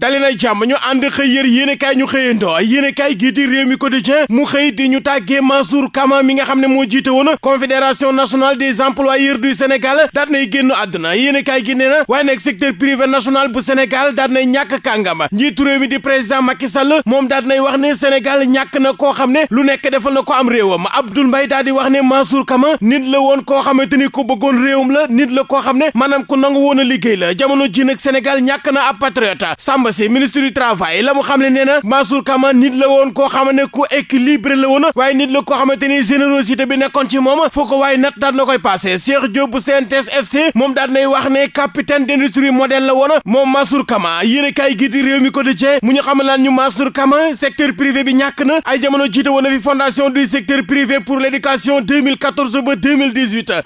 dali na jàmm ñu ànd xëy yër yéen i ñu xëyandoo yéen i kaay gii di réew mi quotidien mu xëy di ñu tàggee Mansour Kama mi nga xam ne moo jiite woon confédération nationale des employeurs du Sénégal daat nay génn àdduna yéen i kaay gi nee na waaye nag secteur privé national bu Sénégal daat nay ñàkk kàngama njiitu réew mi di président Macky Sall moom daat nay wax ne Sénégal ñàkk na koo xam ne lu nekk defal na ko am réewam Abdoul Mbaye daal di wax ne Mansour Kama nit la woon koo xamante ni ko bëggoon réewam la nit la koo xam ne maanaam ku nangu woon a liggéey la jamono ji nag Sénégal ñàkk na ab patriote Samba Ibrahima Sey ministre du travail la mu xam ne nee na Kama nit la woon koo xam ne ku équilibré la woon waaye nit la koo xamante ni générosité bi nekkoon ci moom foo ko waaye nat daan koy passé Cheikh Diop bu FC moom daan nay wax ne capitaine d'industrie modèle la woon moom Mansour Kama yéen kay gi réew mi ko dëcee mu ñu xamal laan ñu Mansour Kama secteur privé bi ñàkk na ay jamono jiite woon na fi fondation du secteur privé pour l'éducation 2014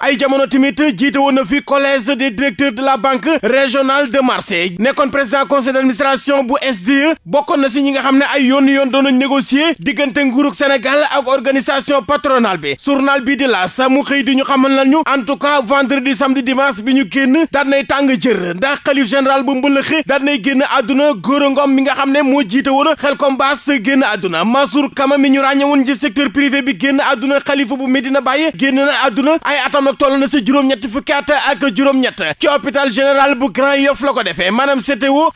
ay jamono tamit fédération bu SDE bokkoon na si ñi nga xam ne ay yoon yoon doon nañ négocier diggante nguurug Sénégal ak organisation patronale bi journal bii di la sa xëy di ñu xam xamal nañu en tout cas vendredi samedi dimanche bi ñu génn daan nay tàng jër ndax xalif général bu mbëlëxe daan nay génn àdduna Gora Ngom mi nga xam ne moo jiite woon Khelcom Bass génn àdduna Mansour Kama mi ñu ràññewoon ci secteur privé bi génn àdduna xalifa bu Medina Baye génn na àdduna ay atam nag toll na si juróom-ñett fukki at ak juróom-ñett ci hôpital général bu Grand Yoff la ko defee maanaam CTO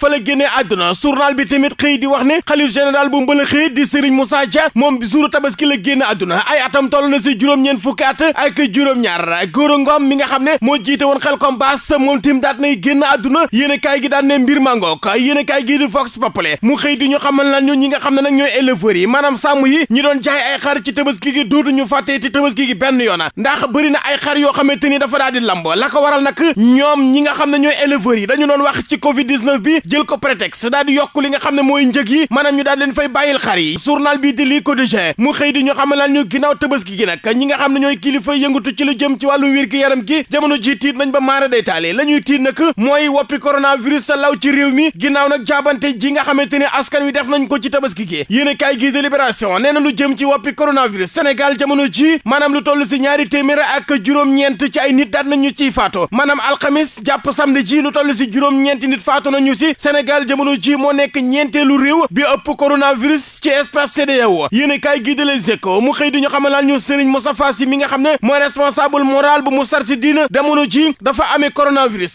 àdduna journal bi tamit xëy di wax ne xalif général bu mbëlëxëy di Serigne Moussa Dia moom jour tabaski la génn àdduna ay atam toll na si juróom-ñeent fukki at ak juróom-ñaar góor ngoom mi nga xam ne moo jiite woon xel kom baas moom tim daat nay génn àdduna yéene kaay gi daan ne mbir mangook yéene kaay gi di Vox Populi mu xëy di ñu xamal na ñu ñi nga xam ne nag ñooy éleveurs yi maanaam sàmm yi ñi doon jaay ay xar ci tabaski gi dootu ñu fàttee ci tabaski gi benn yoona ndax bëri na ay xar yoo xamante ni dafa daal di lamb la waral nag ñoom ñi nga xam ne ñooy éleveurs yi dañu doon wax ci covid bi jël ko prétexte taxe daal di yokk li nga xam ne mooy njëg yi maanaam ñu daal leen fay bàyyil xar yi journal bi di lii quotidien mu xëy di ñu xamal ñu ginnaaw tabaski gi nag ñi nga xam ne ñooy kilifa yëngatu ci lu jëm ci wàllu wér gi yaram gi jamono ji tiit nañ ba maara day taale la ñuy tiit nag mooy woppi coronavirus sa law ci réew mi ginnaaw nag jaabante ji nga xamante ni askan wi def nañ ko ci tabaski gi yéen a kaay gi nee na lu jëm ci woppi coronavirus Sénégal jamono ji maanaam lu toll si ñaari téeméer ak juróom-ñeent ci ay nit daal nañu ciy faatu maanaam alxamis jàpp samedi ji lu toll si juróom-ñeenti nit faatu nañu si Sénégal jamono ji moo nekk e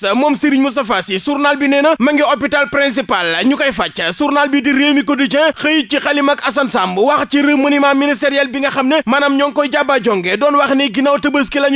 a moom Serigne Moustapha Sy bi nee na ma ngi hôpital principal ñu koy nga xam ne ñu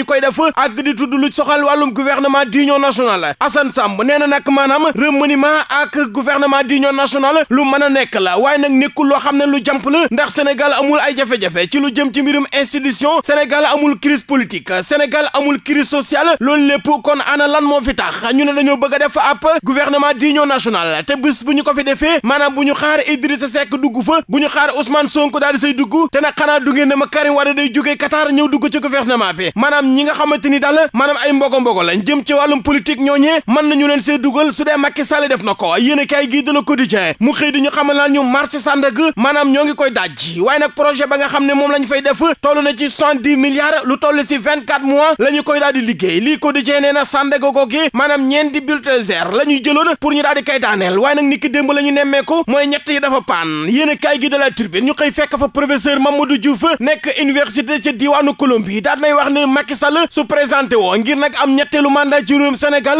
koy def ak di tudd soxal wàllum gouvernement d'union nationale Assane Samb nee na nag maanaam remaniement ak gouvernement na d'union nationale lu mën a nekk la waaye nag nekkul loo xam ne lu jàmp la ndax Sénégal amul ay jafe-jafe ci lu jëm ci mbirum institution Sénégal amul crise politique Sénégal amul crise sociale loolu lépp kon ana lan moo fi tax ñu ne dañoo bëgg a def ab gouvernement d'union nationale te bés bu ñu ko fi defee maanaam bu ñu xaar Idrissa Seck dugg fa bu ñu xaar Ousmane Sonko daal di say dugg te na xanaa du ngeen ne ma Karim Wade day jógee Qatar ñëw dugg ci gouvernement bi maanaam na nga xamante ni daal maanaam ay mbogo mbogo lañ jëm ci wàllum politique ñooñee mën nañu leen see dugal su dee Macky Sall def na ko yéen a kaay gii de Le Quotidien mu xëy di ñu xamal naan ñu marché Sandaga maanaam ñoo ngi koy daj waaye nag projet ba nga xam ne moom lañu fay def toll na ci cent dix milliards lu toll si vingt quatre mois la ñu koy daal di liggéey lii Quotidien nee na Sandaga googi maanaam ñeenti bulldozer la ñuy jëloon pour ñu daal di kay daaneel waaye nag ni ki démb ñu nemmeeku mooy ñett yi dafa paan yéen a kaay gi de La ñu xëy fekk fa professeur Mamadou Diouf nekk université ca diwaanu Colombie daal nay wax ne Macky su présenté woo ngir nag am ñetteelu mandat ci réewum Sénégal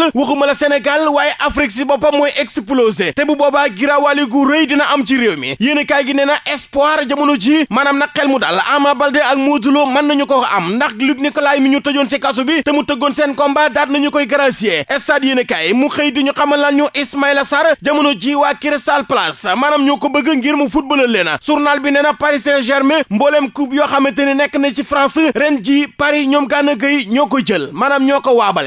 Sénégal waaye Afrique si boppam mooy explosé te bu boobaa giraawaali gu rëy dina am ci réew mi yéen kaay gi nee na espoir jamono ji maanaam nag xel mu dal Ama Baldé ak Modou Lo mën nañu ko am ndax Luc Nicolaï mi ñu tëjoon ci kaso bi te mu tëggoon seen combat daat nañu koy gracier stade yéen kaay mu xëy di ñu xamal lan ñu Ismaïla Sarr jamono ji waa Crystal Palace maanaam ñoo ko bëgg ngir mu footballal leen journal bi nee na Paris Saint-Germain mbooleem coupe yoo xamante ne nekk na ci France ren ji Paris ñoom gànna gay ñoo ko jël maanaam ñoo ko waabale